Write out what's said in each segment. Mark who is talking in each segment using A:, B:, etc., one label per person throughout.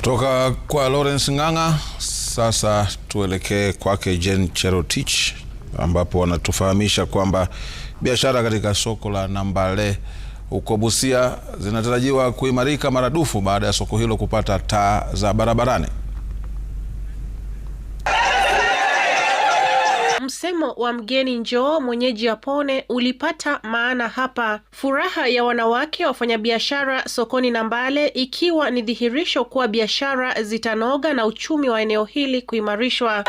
A: Kutoka kwa Lawrence Ng'ang'a sasa tuelekee kwake Jane Cherotich ambapo wanatufahamisha kwamba biashara katika soko la Nambale huko Busia zinatarajiwa kuimarika maradufu baada ya soko hilo kupata taa za barabarani.
B: Msemo wa mgeni njoo mwenyeji apone ulipata maana hapa. Furaha ya wanawake wafanyabiashara sokoni na Mbale ikiwa ni dhihirisho kuwa biashara zitanoga na uchumi wa eneo hili kuimarishwa.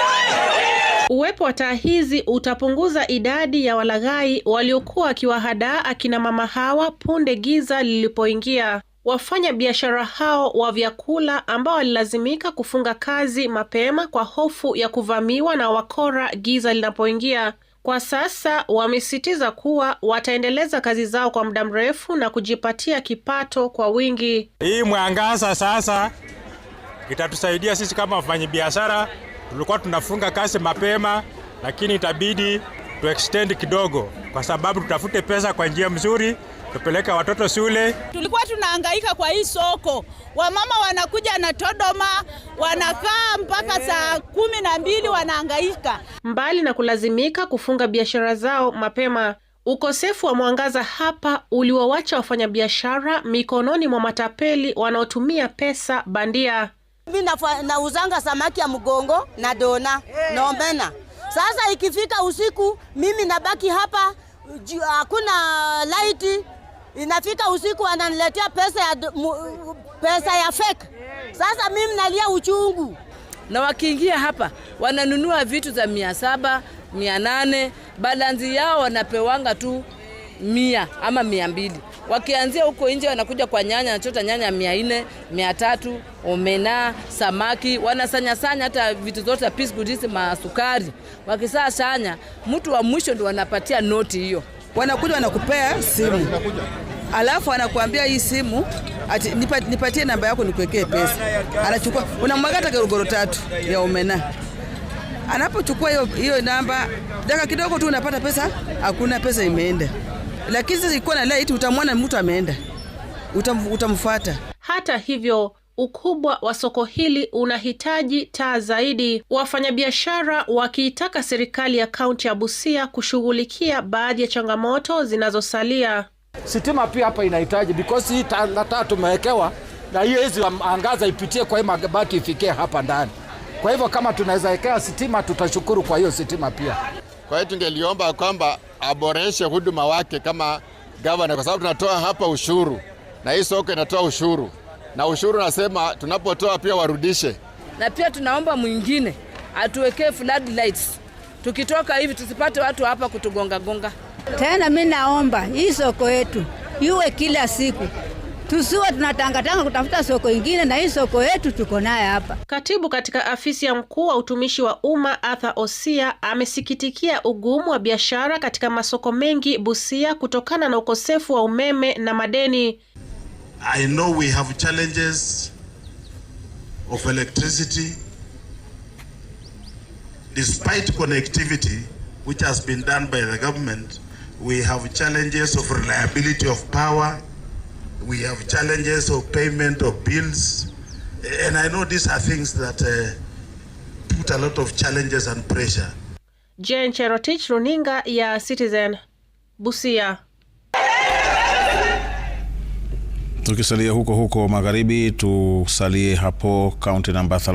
B: Uwepo wa taa hizi utapunguza idadi ya walaghai waliokuwa wakiwahadaa akina mama hawa punde giza lilipoingia wafanya biashara hao wa vyakula ambao walilazimika kufunga kazi mapema kwa hofu ya kuvamiwa na wakora giza linapoingia, kwa sasa wamesisitiza kuwa wataendeleza kazi zao kwa muda mrefu na kujipatia kipato kwa wingi.
C: Hii mwangaza sasa itatusaidia sisi kama wafanyabiashara. Tulikuwa tunafunga kazi mapema, lakini itabidi tu extend kidogo, kwa sababu tutafute pesa kwa njia mzuri, tupeleka watoto shule.
D: Tulikuwa tunahangaika kwa hii soko, wamama wanakuja na Todoma, wanakaa mpaka saa kumi na mbili wanahangaika,
B: mbali na kulazimika kufunga biashara zao mapema. Ukosefu wa mwangaza hapa uliwawacha wafanyabiashara mikononi mwa matapeli wanaotumia pesa bandia.
E: Mi nauzanga samaki ya mgongo na dona nombena sasa ikifika usiku, mimi nabaki hapa, hakuna laiti. Inafika usiku, ananiletea pesa ya, pesa ya fake. Sasa mimi nalia uchungu,
F: na wakiingia hapa wananunua vitu za mia saba mia nane balanzi yao wanapewanga tu mia ama mia mbili. Wakianzia huko nje wanakuja kwa nyanya, wanachota nyanya mia nne, mia tatu, omena, samaki, sanya hata vitu zote piskudisi, masukari. Wakisaa sanya, mtu wa mwisho ndio wanapatia noti hiyo.
G: Wanakuja wanakupea simu, alafu anakuambia hii simu ati nipatie namba yako nikuwekee pesa. Anachukua unamwagata gorogoro tatu ya omena anapochukua hiyo hiyo namba, dakika kidogo tu unapata pesa, hakuna pesa imeenda lakini sasa ikuwa na light, utamwona mtu ameenda, utam, utamfuata.
B: Hata hivyo ukubwa wa soko hili unahitaji taa zaidi, wafanyabiashara wakiitaka serikali ya kaunti ya Busia kushughulikia baadhi ya changamoto zinazosalia.
H: Sitima pia hapa inahitaji because hii taa taa tumewekewa na hiyo hizi angaza ipitie kwa hii mabati ifikie hapa ndani. Kwa hivyo kama tunaweza wekea sitima tutashukuru kwa hiyo sitima pia.
I: Kwa hiyo tungeliomba kwamba aboreshe huduma wake kama gavana, kwa sababu tunatoa hapa ushuru na hii soko inatoa ushuru, na ushuru nasema tunapotoa pia warudishe,
J: na pia tunaomba mwingine atuwekee floodlights tukitoka hivi tusipate watu hapa kutugongagonga
K: tena. Mi naomba hii soko yetu iwe kila siku tusiwe tunatangatanga kutafuta soko ingine, na hii soko yetu tuko naye hapa.
B: Katibu katika afisi ya mkuu wa utumishi wa umma Arthur Osia amesikitikia ugumu wa biashara katika masoko mengi Busia kutokana na ukosefu wa umeme na madeni.
L: I know we have challenges of electricity despite connectivity which has been done by the government we have challenges of reliability of power we have challenges of payment of bills. And I know these are things that uh, put a lot of challenges and pressure.
B: Jane Cherotich, Runinga ya Citizen, Busia.
A: Tukisalia huko huko magharibi, tusalie hapo kaunti namba